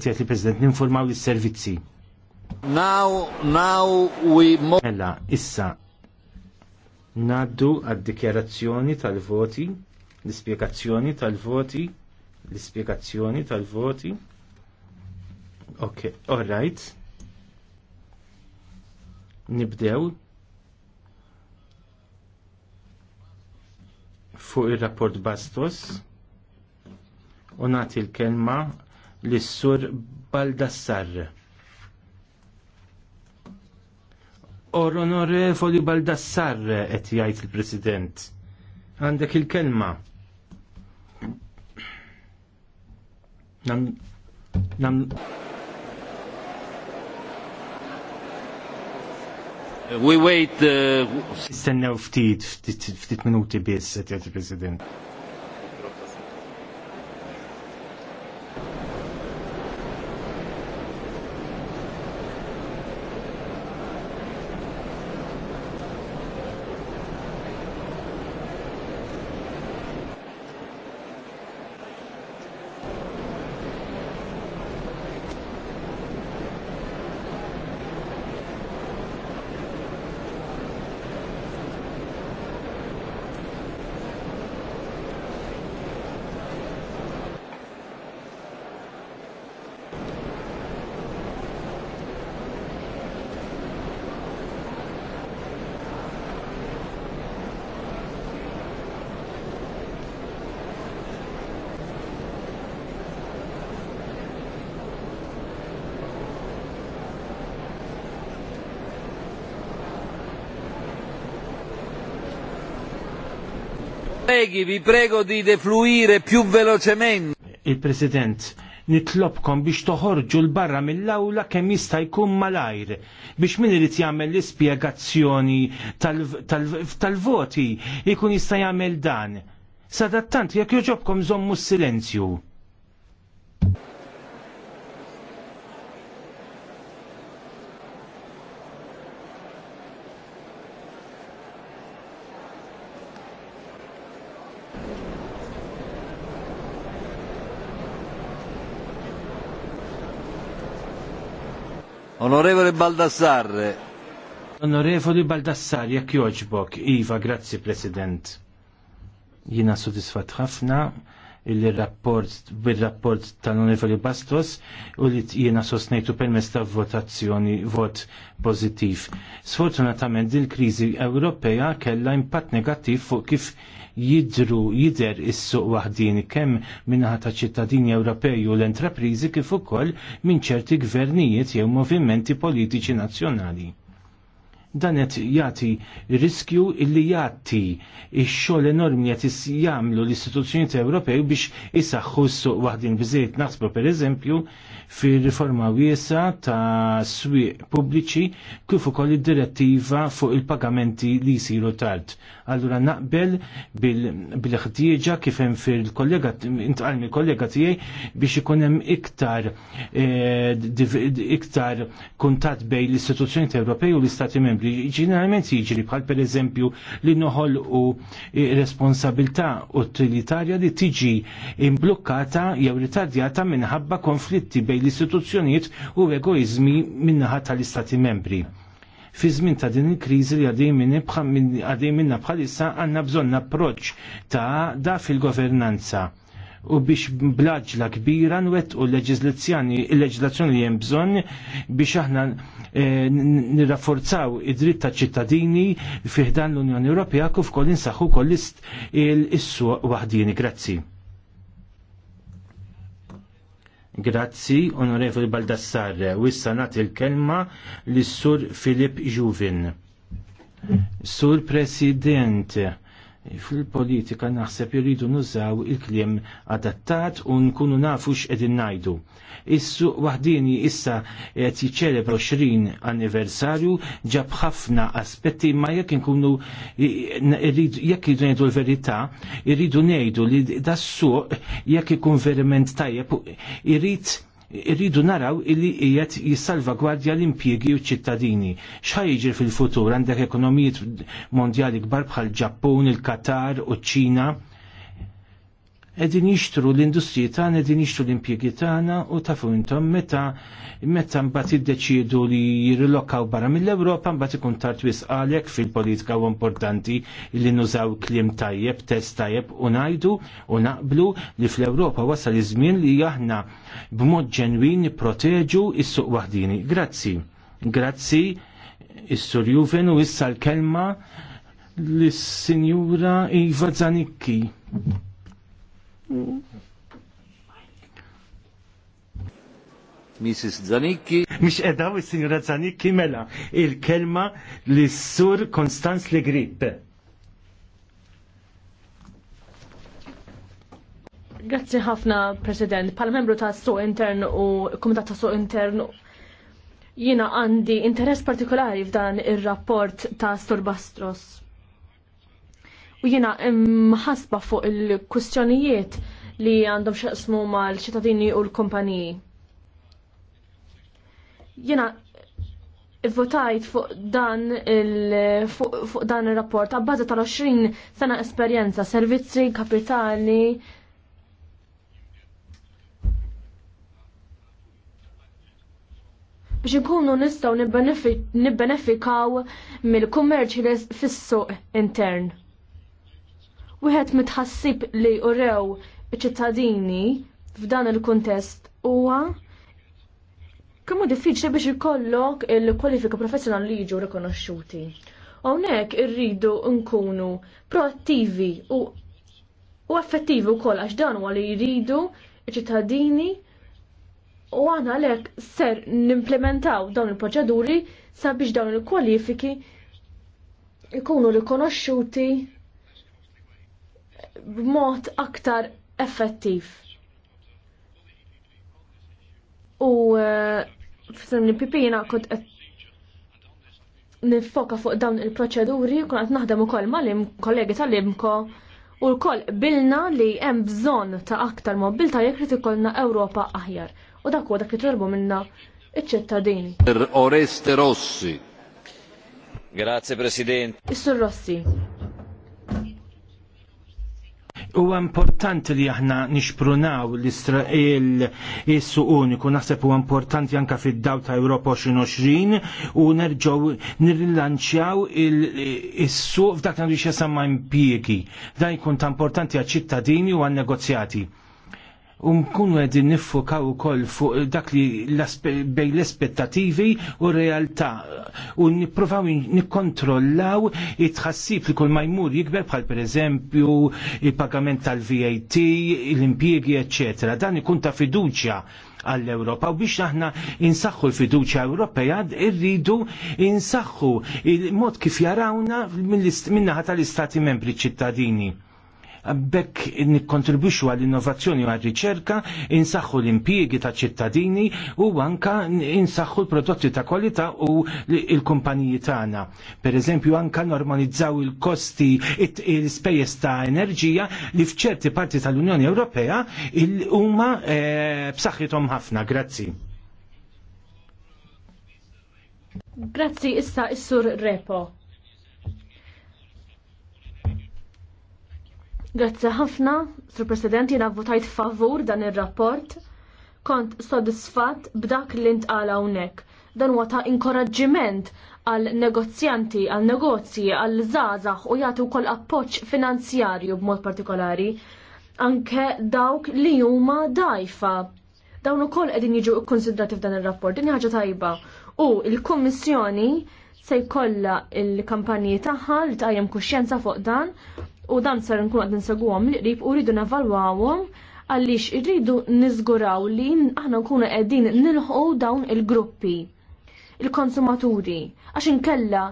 qed li president ninformaw is-servizzi. Now, now we Mela, issa naddu għad-dikjarazzjoni tal-voti, l-ispjegazzjoni tal-voti, l-ispjegazzjoni tal-voti. Ok, all right. Nibdew. fuq ir rapport Bastos u nagħti l-kelma l-Sur Baldassar. Or onorevoli Baldassar qed jgħid il-President. Għandek il-kelma. Nam, nam... We wait. Uh, Istennew ftit, ftit minuti biss, et jajt il-President. Colleghi, vi prego di defluire più velocemente. Il-President, nitlobkom biex toħorġu l-barra mill-awla kemm jista' jkun malajr biex min irid jagħmel l-ispjegazzjoni tal-voti jkun jista' jagħmel dan. Sadattant jekk joġobkom żommu s-silenzju. Onorevole Baldassarre. Onorevoli Baldassar, jekk joġbok, Iva, grazzi President. Jina sodisfat ħafna il-rapport bil-rapport tal-Onorevoli Bastos u li jiena sostnejtu permess ta' votazzjoni vot pozittiv. Sfortunatament il kriżi Ewropea kellha impatt negattiv fuq kif jidru jider is-suq waħdin kemm minnaħa ta' ċittadini Ewropej u l-entreprizi kif ukoll minn ċerti gvernijiet jew movimenti politiċi nazzjonali dan qed jagħti riskju illi jagħti x-xogħol enormi qed jagħmlu l-istituzzjonijiet Ewropej biex isaħħu s wahdin waħdin biżejjed per pereżempju fir-riforma wiesa ta' swi pubbliċi kif ukoll id-direttiva fuq il-pagamenti li jsiru tard. Allura naqbel bil-ħtieġa kif hemm fil-kollega intqal mill-kollega tiegħi biex ikun hemm iktar eh, iktar kuntatt bejn l-istituzzjonijiet Ewropej u l-Istati Membri membri ġeneralment jiġri bħal per eżempju li noħol u responsabilità utilitarja li tiġi imblukkata jew ritardjata minħabba konflitti bejn l-istituzzjonijiet u egoizmi minnaħa tal-istati membri. Fi żmien ta' din il-kriżi li għaddej minna bħalissa għandna bżonn approċċ ta' da fil-governanza u biex blaġla kbira nwet u l-leġizlazzjoni jem hemm bżonn biex aħna eh, nirrafforzaw id-dritt ta' ċittadini fiħdan l-Unjoni Ewropea kif ukoll insaxu kollist il-issu waħdini. Grazzi. Grazzi, onorevoli Baldassarre. Wissa nagħti il-kelma lis sur Filip Juvin. Sur Presidente, E fil-politika naħseb irridu nużaw il-kliem adattat u nkunu nafu x'qegħdin ngħidu. Issu waħdini issa qed jiċċelebra 20 anniversarju ġab ħafna aspetti ma jekk inkunu jekk irridu ngħidu l-verità, jridu ngħidu li das-suq jekk ikun veriment tajjeb irid irridu naraw illi qiegħed jissalvagwardja l-impjiegi u ċittadini. X'ħajġir fil-futur għandek ekonomijiet mondjali kbar bħal ġappun, il-Katar u ċ-Ċina edin jixtru l industri tagħna, edin jixtru l impjiegi tagħna u tafu intom meta meta mbagħad iddeċiedu li jirilokaw barra mill-Ewropa mbagħad ikun tard wisqalek fil-politika u importanti li nużaw kliem tajjeb, test tajjeb u ngħidu u naqblu li fl-Ewropa wasal iż-żmien li aħna b'mod ġenwin nipproteġu is-suq waħdini. Grazzi. Grazzi is-Sur Juven u issa l-kelma lis-Sinjura Iva Zanikki. Mrs. Zanicki. Mish edaw il-Signora Zanicki mela il-kelma li sur Konstanz li Grippe. Grazzi ħafna, President. Pal membru ta' su intern u komitat ta' su intern jina għandi interess partikolari f'dan il-rapport ta' Bastros. U jiena mħasba fuq il-kustjonijiet li għandhom xaqsmu mal-ċittadini u l-kumpaniji. Jiena votajt fuq dan il-fuq dan il-rapport għabbażi tal-20 sena esperjenza, servizzi, kapitali. biex ikunu nistgħu nibbenefikaw mill-kummerċ fis-suq intern. Wieħed mitħassib li urew ċittadini f'dan il-kuntest huwa kemm hu diffiċli biex ikollok il-kwalifika professjonali li jiġu rikonoxxuti. Hawnhekk irridu nkunu proattivi u u effettivi wkoll għax dan huwa li jridu ċittadini u għana għalhekk ser nimplementaw dawn il-proċeduri sabiex dawn il-kwalifiki ikunu rikonoxxuti b'mod aktar effettiv. U f'sem li pipina kont qed nifoka fuq dawn il-proċeduri kun qed naħdem ukoll mal-im kollegi tal-imko u l-koll bilna li hemm bżonn ta' aktar mobilta jekk irid ikollna Ewropa aħjar. U dak huwa dak li torbu minna iċ-ċittadini. Oreste Rossi. Grazie President. Issur Rossi. Huwa importanti li aħna nixprunaw l-Israel jessu uniku, naħseb huwa importanti anka fid-daw ta' Ewropa 2020 u nerġgħu nirrilanċjaw is-suq f'dak li xesam ma' impjiegi. Dan jkun ta' importanti għal ċittadini u għan negozjati u nkunu għedin niffukaw ukoll fuq dak li bej l-aspettativi u realtà u nippruvaw nikkontrollaw it-tħassib li kol majmur jmur jikber bħal pereżempju il-pagament tal-VAT, l-impjiegi, etc. Dan ikun ta' fiduċja għall-Europa u biex aħna insaxħu l fiduċja Ewropea irridu insaxħu il-mod kif jarawna min-naħa tal-istati membri ċittadini bekk nikkontribwixxu għall-innovazzjoni u għall-riċerka, insaħħu l-impjiegi ta' ċittadini u anka insaħħu l-prodotti ta' kwalità u l-kumpaniji tagħna. Per eżempju anka normalizzaw il-kosti il-spejjeż ta' enerġija li f'ċerti parti tal-Unjoni Ewropea huma eh, b'saħħithom ħafna. Grazzi. Grazzi issa is-sur Repo. Grazzi ħafna, Sur President, jina votajt favur dan il-rapport. Kont sodisfatt b'dak li ntqala hawnhekk. Dan huwa ta' inkoraġġiment għal negozjanti, għal negozji, għal zazax u jagħtu wkoll appoġġ finanzjarju b'mod partikolari anke dawk li huma dajfa. Dawn ukoll qegħdin jiġu kkonsidrati f'dan ir-rapport, din ħaġa tajba. U l-Kummissjoni se jkollha il-kampanji tagħha li tqajjem kuxjenza fuq dan u dan sar nkun għad għom li qrib u rridu nevalwawhom għaliex irridu niżguraw li aħna nkunu qegħdin nilħu dawn il-gruppi il-konsumaturi għax inkella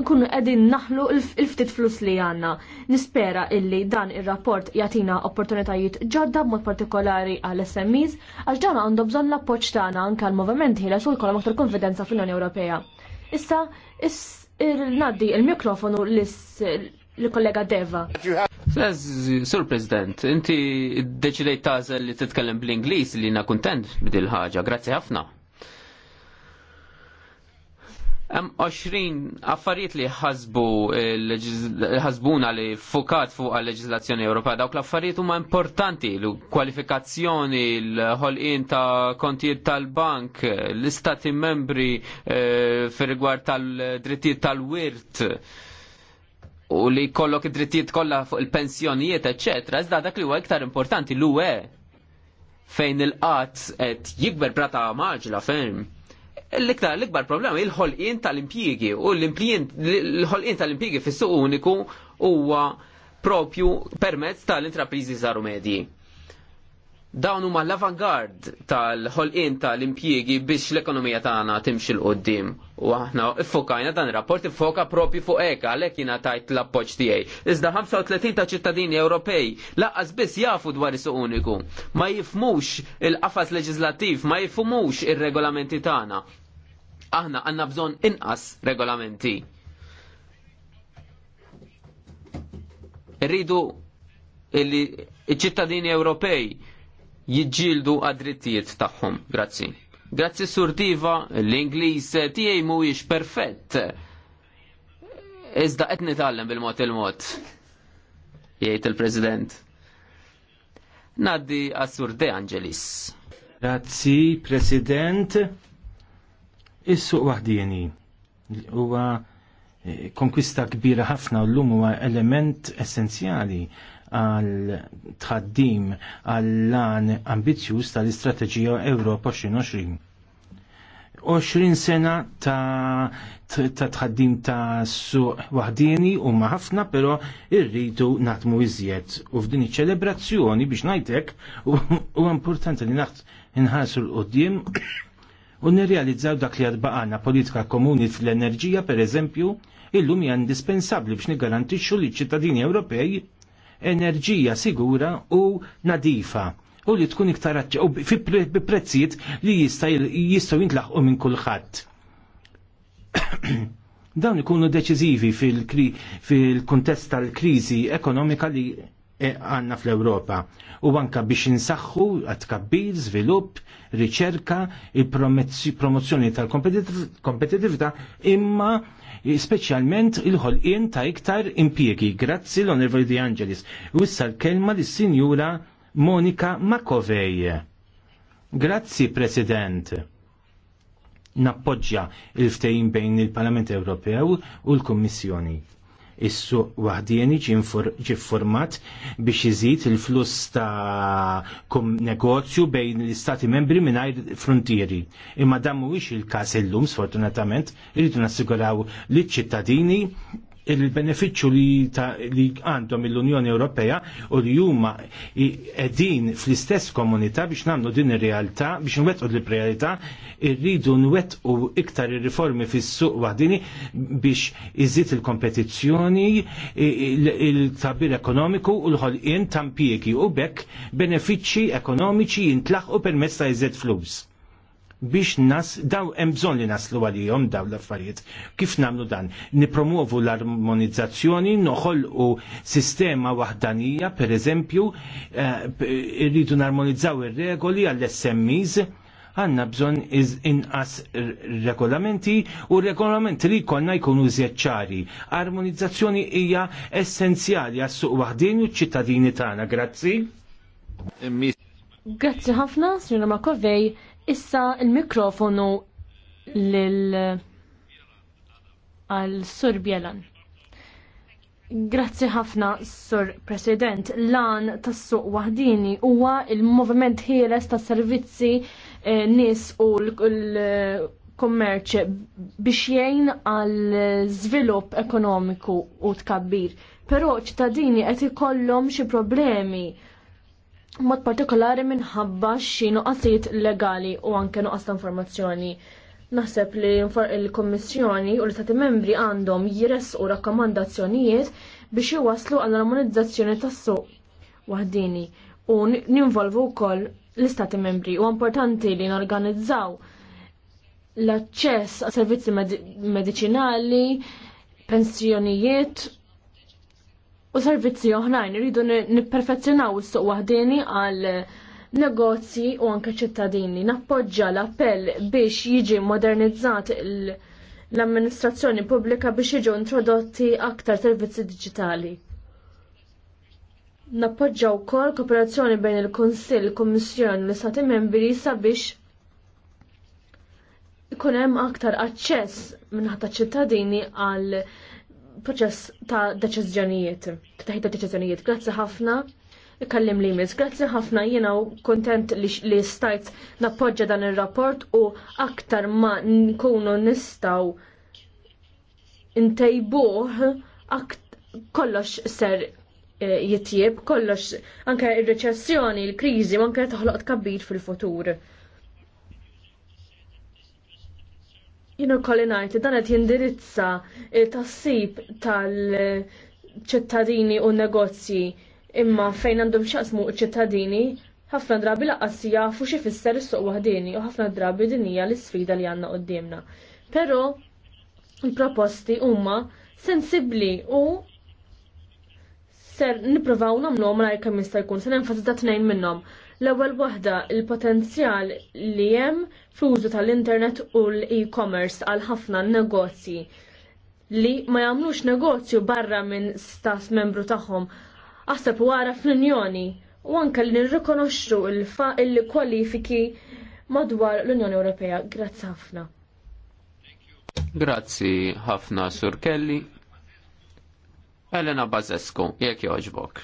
nkunu għedin naħlu il-ftit flus li għandna. Nispera illi dan ir-rapport jagħtina opportunitajiet ġodda b'mod partikolari għal SMEs għax dan għandu bżonn l-appoġġ tagħna anke għal moviment ħieles sul jkollhom aktar konfidenza fl-Unjoni Ewropea. Issa is il-naddi il-mikrofonu lis l-kollega Deva. Sur President, inti deċidejt tażel li titkellem bl-Ingliż li na kuntent bidil ħaġa, grazzi ħafna. Hemm 20 affarijiet li ħasbu ħasbuna li fukat fuq għal-leġislazzjoni Ewropea dawk l-affarijiet huma importanti l-kwalifikazzjoni, l-ħolqien ta' kontijiet tal-bank, l-istati membri eh, fir rigward tal-drittijiet tal-wirt. tal drittijiet tal wirt u li kollok id-drittijiet kollha fuq il-pensjonijiet, eċċetra, iżda dak li huwa iktar importanti l e fejn il-qatt qed jikber brata maġla ferm. L-iktar l-ikbar problema il-ħolqien tal-impjiegi u l-ħolqien tal-impjiegi fis-suq uniku huwa propju permezz tal-intrapriżi żaru medji dawn huma l-avangard tal-ħolqien tal-impjiegi biex l-ekonomija tagħna timxi l qoddim U aħna iffokajna dan ir-rapport iffoka propju fuq hekk għalhekk jiena tajt l-appoġġ tiegħi. Iżda 35 ta' ċittadini Ewropej laqqas biss jafu dwar is uniku. Ma jifmux il-qafas leġislattiv, ma jifmux ir-regolamenti tagħna. Aħna għandna bżonn inqas regolamenti. Rridu il-ċittadini Ewropej jiġġieldu għad-drittijiet tagħhom. Grazzi. Grazzi surtiva, l-Ingliż tiegħi mhuwiex perfett. Iżda qed nitgħallem bil-mod il-mod. Jgħid il-President. Naddi għas-Sur De Angelis. Grazzi, President. Is-suq waħdieni huwa eh, konkwista kbira ħafna u l-lum huwa element essenzjali għal tħaddim għal lan ambizjuż tal-Istrateġija Ewropa 2020. 20 sena ta' ta' tħaddim ta' suq waħdini u ħafna però irritu natmu iżjed. U f'din iċ-ċelebrazzjoni biex ngħidlek huwa importanti li naħt inħarsu l-qoddim u nirrealizzaw dak li għadbaqana politika komuni fl-enerġija per eżempju illum hija indispensabbli biex nigarantixxu li ċittadini Ewropej enerġija sigura u nadifa u li tkun iktar u bi prezzijiet li jistgħu jintlaħqu minn kulħadd. Dawn ikunu deċiżivi fil-kuntest fil kuntest tal kriżi ekonomika li E, għanna fl-Europa. U anka biex insaxħu għat kabbir, riċerka, il-promozzjoni tal-kompetitività imma specialment il-ħolqien ta' iktar impiegi. Grazzi l-Onervoli Di Angelis. U issa l-kelma lis sinjura Monika Makovej. Grazzi, President. Nappoġġja il-ftejn bejn il-Parlament Ewropew u l-Kommissjoni. Is-suq waħdieni ġi biex iżid il-fluss ta' negozju bejn l-istati membri mingħajr frontieri. Imma dan mhuwiex il-każ illum sfortunatament, irridu nassiguraw liċ-ċittadini il-beneficju li għandhom mill unjoni Ewropea u li huma qegħdin fl-istess komunità biex nagħmlu din ir-realtà biex nwettqu l realtà irridu nwettqu iktar ir-riformi fis-suq waħdini biex iżid il-kompetizzjoni il-tabir ekonomiku u l-ħolqien tampieki u bekk benefiċċji ekonomiċi jintlaħqu permezz ta' iżid flus biex nas, daw emżon li naslu għalihom daw l-affarijiet. Kif namlu dan? Nipromuvu l-armonizzazzjoni, u sistema wahdanija, per eżempju, eh, irridu narmonizzaw ir-regoli għall-SMEs, għanna bżon inqas regolamenti u regolamenti li konna jkunu zjeċċari. Armonizzazzjoni hija essenzjali għas-suq waħdin u ċ-ċittadini tagħna. Grazzi. Grazzi ħafna, Sinjora Makovej, Issa il-mikrofonu lil għal Sur Bielan. Grazzi ħafna, Sur President. Lan tas-suq waħdini huwa il-moviment ħieles ta' servizzi eh, nis u l-kommerċ biex jgħin għal żvilupp ekonomiku u tkabbir. Però ċittadini qed ikollhom xi problemi mod partikolari minħabba xi nuqqasijiet legali u anke nuqqas ta' informazzjoni. Naħseb li l-Kommissjoni u l-Stati membri għandhom u rakkomandazzjonijiet biex jwaslu għall armonizzazzjoni tas-suq waħdini u ninvolvu wkoll l-Istati membri. U importanti li norganizzaw l-aċċess għal servizzi medicinali, pensjonijiet u servizzi oħrajn iridu nipperfezzjonaw is-suq waħdini għal negozji u anke ċittadini. Nappoġġa l-appell biex jiġi modernizzat l-amministrazzjoni pubblika biex jiġu introdotti aktar servizzi diġitali. Nappoġġa wkoll kooperazzjoni bejn il-Kunsill, il-Kummissjoni u l-Istati Membri sabiex ikun hemm aktar aċċess minn ħadd ċittadini għal proċess ta' deċiżjonijiet, ta' deċiżjonijiet. Grazzi ħafna kallim li mis. Grazzi ħafna jiena kontent li, li stajt nappoġġa dan il-rapport u aktar ma nkunu nistaw ntejbuh kollox ser e, jitjieb, kollox anke ir-reċessjoni, il-kriżi, anke toħloq tkabbir fil-futur. Jina kolli najt li dan qed jindirizza tassib tal-ċittadini u negozji imma fejn għandhom xaqsmu ċittadini ħafna drabi laqqas jafu xi fisser is-suq wahdini u ħafna drabi din hija l-isfida li għandna qudiemna. Però il-proposti huma sensibbli u ser nipprovaw nagħmluhom malajr kemm jista' jkun se nenfasizza tnejn minnhom L-ewwel waħda l potenzjal li hemm fl-użu tal-internet u l-e-commerce għal ħafna negozji li ma jagħmlux negozju barra minn stas membru tagħhom. Aħseb wara fl-Unjoni u anke li nirrikonoxxu il-kwalifiki madwar l-Unjoni Ewropea. Grazzi ħafna. Grazzi ħafna Sur Kelly. Elena Bazesku, jekk joġbok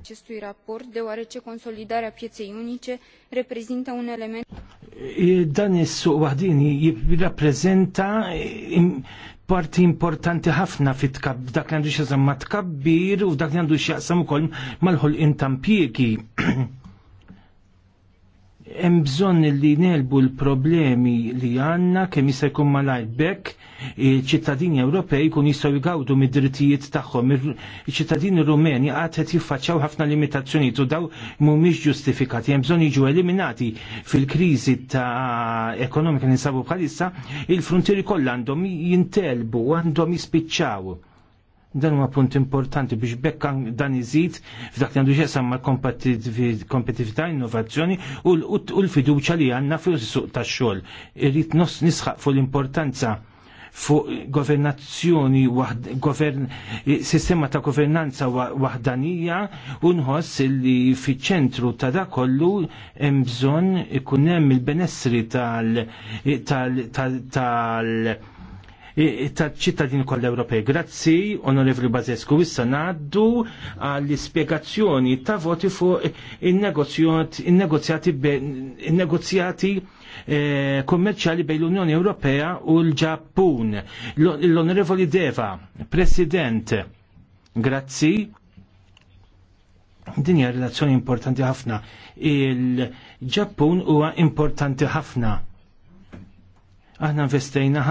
acestui raport, deoarece consolidarea pieței unice reprezintă un element. E, dan is-suq e waħdin jirrappreżenta e, parti importanti ħafna fit dak li għandu xjaqsam ma' tkabbir u dak li għandu xjaqsam ukoll mal-ħolqien tampieki. hemm bżonn li nelbu l-problemi li għandna kemm jista' jkun malajr bekk iċ-ċittadini Ewropej jkun jistgħu jgawdu mid-drittijiet tagħhom. Iċ-ċittadini Rumeni qatt qed jiffaċċjaw ħafna limitazzjonijiet u daw mhumiex ġustifikati. Hemm bżonn jiġu eliminati fil-kriżi ta' ekonomika li nsabu bħalissa, il-frontieri kollha għandhom jintelbu, għandhom jispiċċaw Dan huwa punt importanti biex bekk dan iżid f'dak li għandu xesam ma' kompetitività, innovazzjoni u l-fiduċa li għandna fil-suq tax-xogħol. Irrid nos nisħaq fuq l-importanza fuq governazzjoni, sistema ta' governanza wahdanija u nħoss li fi ċentru ta' da' kollu hemm bżonn ikun hemm il-benessri tal-, tal, tal tal-ċittadini kollha Ewropej. Grazzi, Onorevoli Bazesku, issa ngħaddu għall-ispjegazzjoni ta' voti fuq in-negozjati eh, kummerċjali bejn l-Unjoni Ewropea u l-Ġappun. L-Onorevoli Deva, President, grazzi, dinja relazzjoni importanti ħafna. Il-Ġappun huwa importanti ħafna Aħna investejna,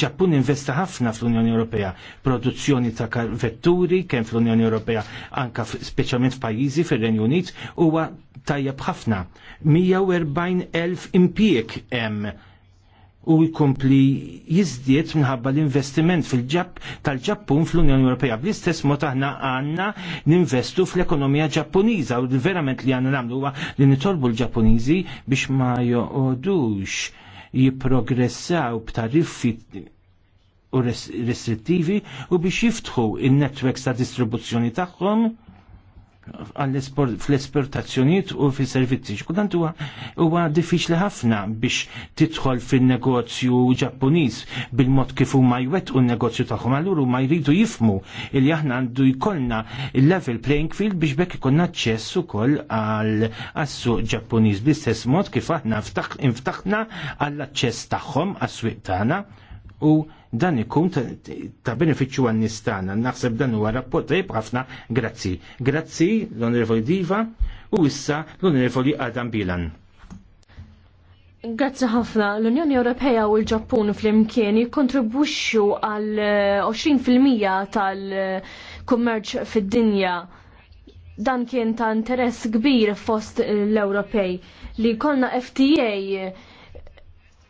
ġappun investa ħafna fl-Unjoni Ewropea, produzzjoni ta' vetturi kemm fl-Unjoni Ewropea, anka speċjalment f'pajjiżi fir-Renju Unit huwa tajjeb ħafna. 140,000 impjieg hemm u jkompli jizdiet minħabba l-investiment fil-ġab tal-ġappun fl-Unjoni Ewropea. Bl-istess mod aħna għandna ninvestu fl-ekonomija ġappuniża u verament li għandna nagħmlu huwa li nitolbu l-Ġappuniżi biex ma joqodux jipprogressaw b'tariffi u restrittivi u biex jiftħu n netwerks ta' distribuzzjoni tagħhom fl-esportazzjoniet u fil-servizzi. Kultant huwa huwa diffiċli ħafna biex tidħol fil-negozju Ġappuniż bil-mod kif huma jwettqu n-negozju tagħhom allura ma jridu jifmu li aħna għandu jkollna level playing field biex bekk ikun aċċess ukoll għal assuq Ġappuniż bl-istess mod kif aħna inftaħna għall-aċċess tagħhom għas-swieq tagħna u dan ikun ta' beneficju għan nistana. Naħseb dan huwa rapport ta' ħafna grazzi. Grazzi l-Onorevoli Diva u issa l-Onorevoli Adam Bilan. Grazzi ħafna. L-Unjoni Ewropea u l-Ġappun fl-imkien jikontribwixxu għal 20% eh, tal-kummerċ fid-dinja dan kien ta' interess kbir fost l-Ewropej li konna FTA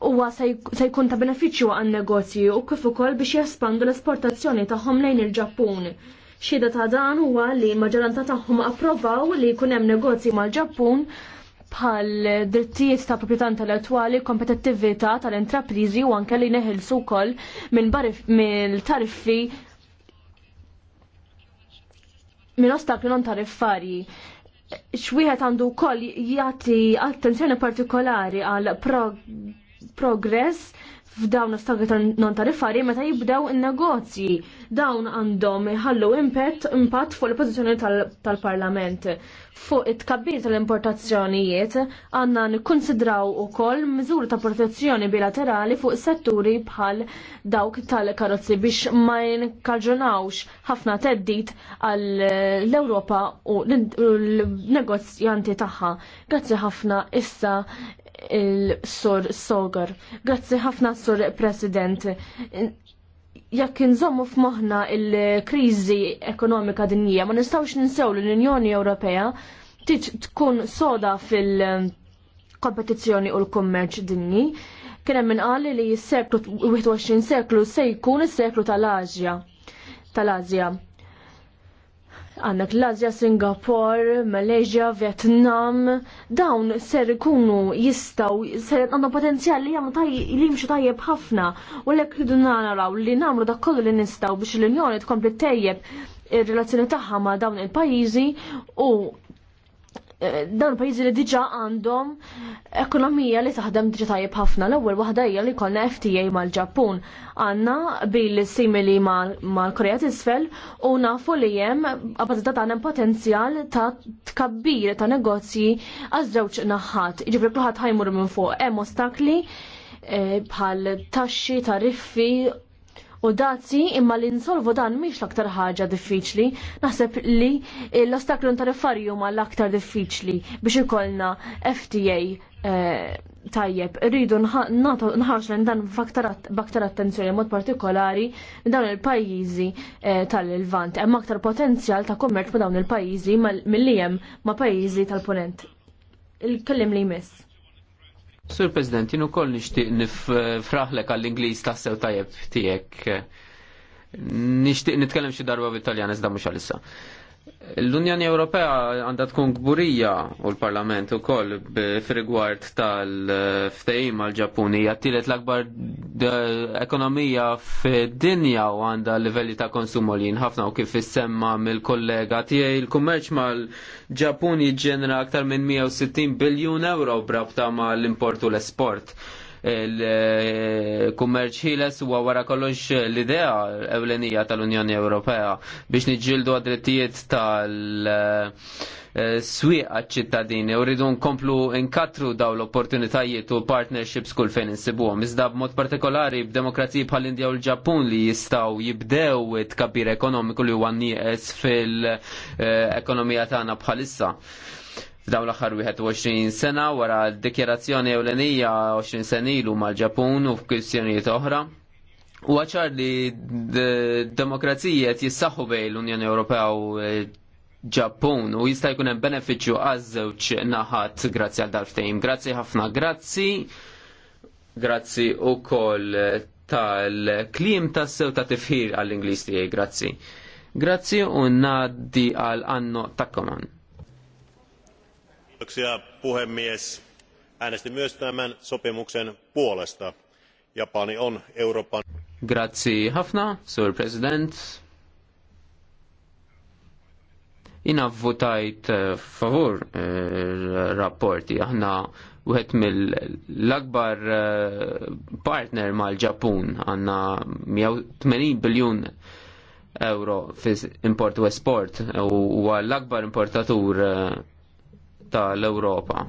huwa se jkun ta' benefiċċju għan negozji u kif ukoll biex jespandu l-esportazzjoni tagħhom lejn il-Ġappun. Xhieda ta' dan huwa li l-maġġoranza tagħhom approvaw li jkun hemm negozji mal-Ġappun bħal drittijiet ta' proprjetà intellettwali, kompetittività tal-intrapriżi u anke li neħilsu wkoll minn tariffi minn ostakli non tariffari. Xwieħed għandu wkoll jagħti attenzjoni partikolari għal prog progress f'dawn l-ostakel non tarifari meta jibdew in-negozji. Dawn għandhom ħallu impatt impatt fuq il-pożizzjoni tal-Parlament. Fuq it-kabbir tal-importazzjonijiet għandna nikkonsidraw ukoll miżuri ta' protezzjoni bilaterali fuq setturi bħal dawk tal-karozzi biex ma jinkaġunawx ħafna teddit għall-Ewropa u l-negozjanti tagħha. Grazzi ħafna issa il-Sur Sogar. Grazzi ħafna Sur President. Jekk inżommu f'moħħna il-kriżi ekonomika dinjija, ma nistgħux ninsew l-Unjoni Ewropea tiġ tkun soda fil-kompetizzjoni u l-kummerċ dinji. Kien hemm inqali li s-seklu 21 seklu se jkun is-seklu tal-Asja. Tal-Asja għannak l-Azja, Singapur, Malaysia, Vietnam, dawn ser ikunu jistaw, ser għandu potenzjal li jgħamlu taj, li jimxu tajjeb ħafna, u l-ek naraw li namlu dak kollu li nistaw biex l-Unjoni tkompli tajjeb ir-relazzjoni tagħha ma' dawn il-pajjiżi u dawn pajjiżi li diġà għandhom ekonomija li taħdem diġà tajjeb ħafna. L-ewwel waħda hija li jkollna FTA mal-Ġappun. Għandna bil simili mal-Korea isfel u nafu li hemm abbażita tagħna potenzjal ta' tkabbir ta' negozji għaż żewġ naħat. kluħat ħajmur minn fuq hemm ostakli eh, bħal taxxi, tariffi u dazzi imma li nsolvu dan miex l-aktar ħaġa diffiċli. Naħseb li l-ostaklu tariffarju ma l-aktar diffiċli biex ikollna FTA eh, tajjeb, rridu nħarx l dan b'aktar attenzjoni mod partikolari dawn il-pajjiżi eh, tal-Levant. Hemm aktar potenzjal ta' kummerċ ma' dawn il-pajjiżi mill-li hemm ma' pajjiżi tal-Ponent. Il-kellim li jmiss. Sur President, jien ukoll nixtieq nifraħlek għall-Ingliż tassew tajjeb tiegħek. Nixtieq nitkellem xi darba bit-Taljan iżda mhux għalissa. L-Unjoni Ewropea għandha tkun kburija u l-Parlament ukoll b'rigward tal-ftehim għal ġapunija tielet l-akbar ekonomija fid-dinja u għandha livelli ta' konsum li ħafna u kif issemma mill-kollega tiegħi l-kummerċ mal-Ġapun jiġġenera aktar minn 160 biljun euro brabta mal-import u l-esport il-kummerċ ħiles huwa wara kollox l-idea ewlenija tal-Unjoni Ewropea biex niġġieldu għadrettijiet tal- swieq għal-ċittadini u rridu nkomplu nkatru daw l-opportunitajiet u partnerships kull fejn insibuhom. Iżda b'mod partikolari b'demokrazija bħal-Indja u l-Ġappun li jistaw jibdew it it-kabir ekonomiku li huwa fil-ekonomija eh, tagħna bħalissa daw l-axar 21 sena wara d dikjerazzjoni ewlenija 20 senilu ilu mal-Ġapun u f'kwistjonijiet oħra. U għacħar li d demokrazija jissaxu bej l-Unjoni Ewropea u e, Ġappun u jista' jkun hemm benefiċċju għaż-żewġ naħat grazzi għal darftejn. Grazzi ħafna, grazzi. Grazzi wkoll tal-klim tas-sew ta' tifħir għall-Ingliż tiegħi, grazzi. Grazzi u ngħaddi għal anno takkoman arvoisa puhemies äänestin myös tämän sopimuksen puolesta. japani on euroopan. president votajt eh, eh, rapporti aħna mill-akbar eh, partner mal-Ġapun 180 euro fi import u esport u l-akbar importatur tal-Ewropa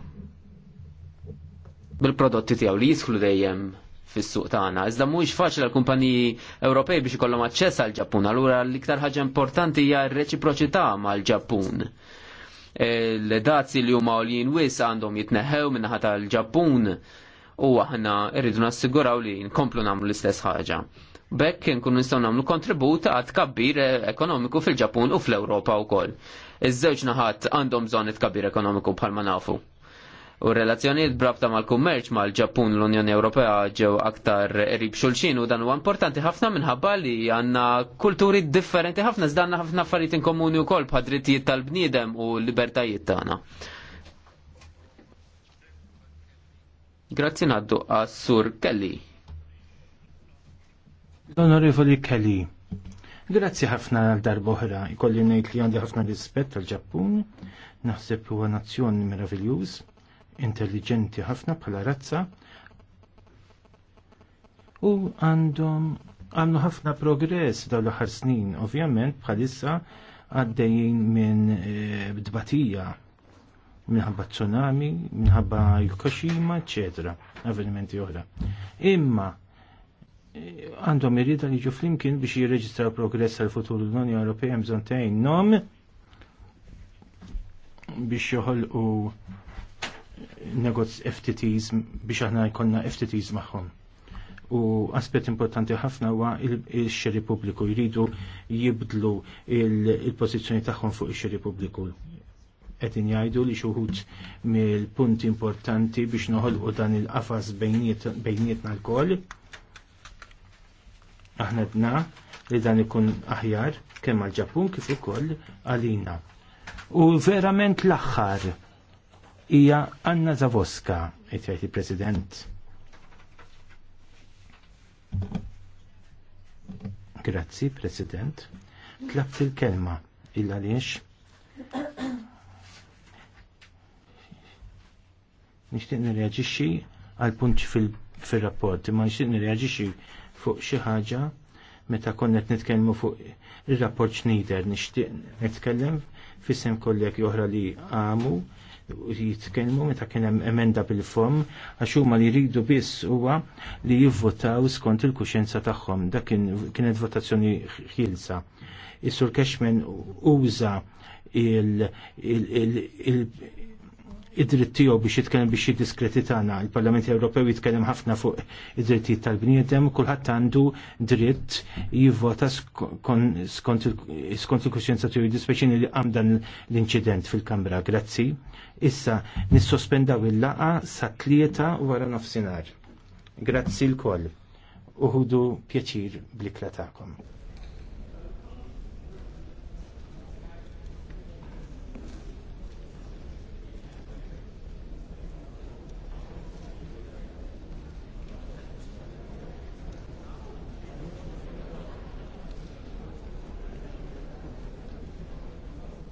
bil-prodotti tiegħu li jisklu dejjem fis-suq tagħna. Iżda mhuwiex faċli għall kumpaniji Ewropej biex ikollhom aċċess għall ġappun allura l-iktar ħaġa importanti hija r-reċiproċità mal-Ġappun. Le dazzi li huma għoljin wis għandhom jitneħew minnaħa tal-Ġappun u aħna rridu nassiguraw li nkomplu nagħmlu l-istess ħaġa. Bekk nkunu nistgħu nagħmlu kontribut għad kabbir e-, ekonomiku fil-Ġappun u fl-Ewropa wkoll. Iż-żewġ naħat għandhom zonit kabir ekonomiku bħalma nafu. U relazzjoniet brabta mal-kummerċ mal-Ġappun l-Unjoni Ewropea ġew aktar rib xulxin u dan huwa importanti ħafna minħabba li għandna kulturi differenti ħafna Zdanna ħafna affarijiet inkomuni wkoll bħad drittijiet tal-bniedem u l-libertajiet tagħna. Grazzi naddu għas-sur Kelly. L-Onorevoli Kelly. Grazzi ħafna għal darboħra, ikolli ngħid li għandi ħafna rispett għal ġappun naħseb huwa nazzjon meraviljuż, intelligenti ħafna bħala razza, u għandhom għandu ħafna progress dawn l-aħħar snin, ovvjament bħalissa għaddejjin minn eh, dbatija minħabba tsunami, minħabba Fukushima, eccetera, avvenimenti oħra. Imma għandhom irrida li ġu flimkien biex jirreġistra progress għal futur l-Unjoni Ewropea bżon nom biex joħolqu negozz FTTs biex aħna jkollna FTTs magħhom. U aspett importanti ħafna huwa il-xeri pubbliku jridu jibdlu il-pożizzjoni tagħhom fuq ix-xeri pubbliku. Qed jgħidu li xuħut mill-punti importanti biex noħolqu dan il-qafas bejnietna l-koll Aħna dna li dan ikun aħjar kemm għal ġappun kif ukoll għalina. U verament l-aħħar hija Anna Zavoska, qed il-President. Grazzi, President. Tlaqt il-kelma illa għaliex. Nixtieq nirreaġixxi għal punċ fil-rapport, ma nixtieq nirreaġixxi fuq xi ħaġa meta konnet nitkellmu fuq ir-rapport Schneider nixtieq nitkellem fisem kollek oħra li għamu jitkellmu meta kien hemm emenda bil-fom għax huma li jridu biss huwa li jivvotaw skont il-kuxjenza tagħhom. Dak kienet votazzjoni ħielsa. Is-sur Cashman uża id-dritt tiegħu biex jitkellem biex jiddiskreditana. Il-Parlament Ewropew jitkellem ħafna fuq id-drittijiet tal-bniedem, kulħadd għandu dritt jivvota skont il-Kostituzzjoni tiegħu speċjali li għam dan l-inċident fil-Kamra. Grazzi. Issa nissospendaw il-laqa sa tlieta wara nofsinhar. Grazzi l-koll. Uħudu pjaċir bl-ikla tagħkom.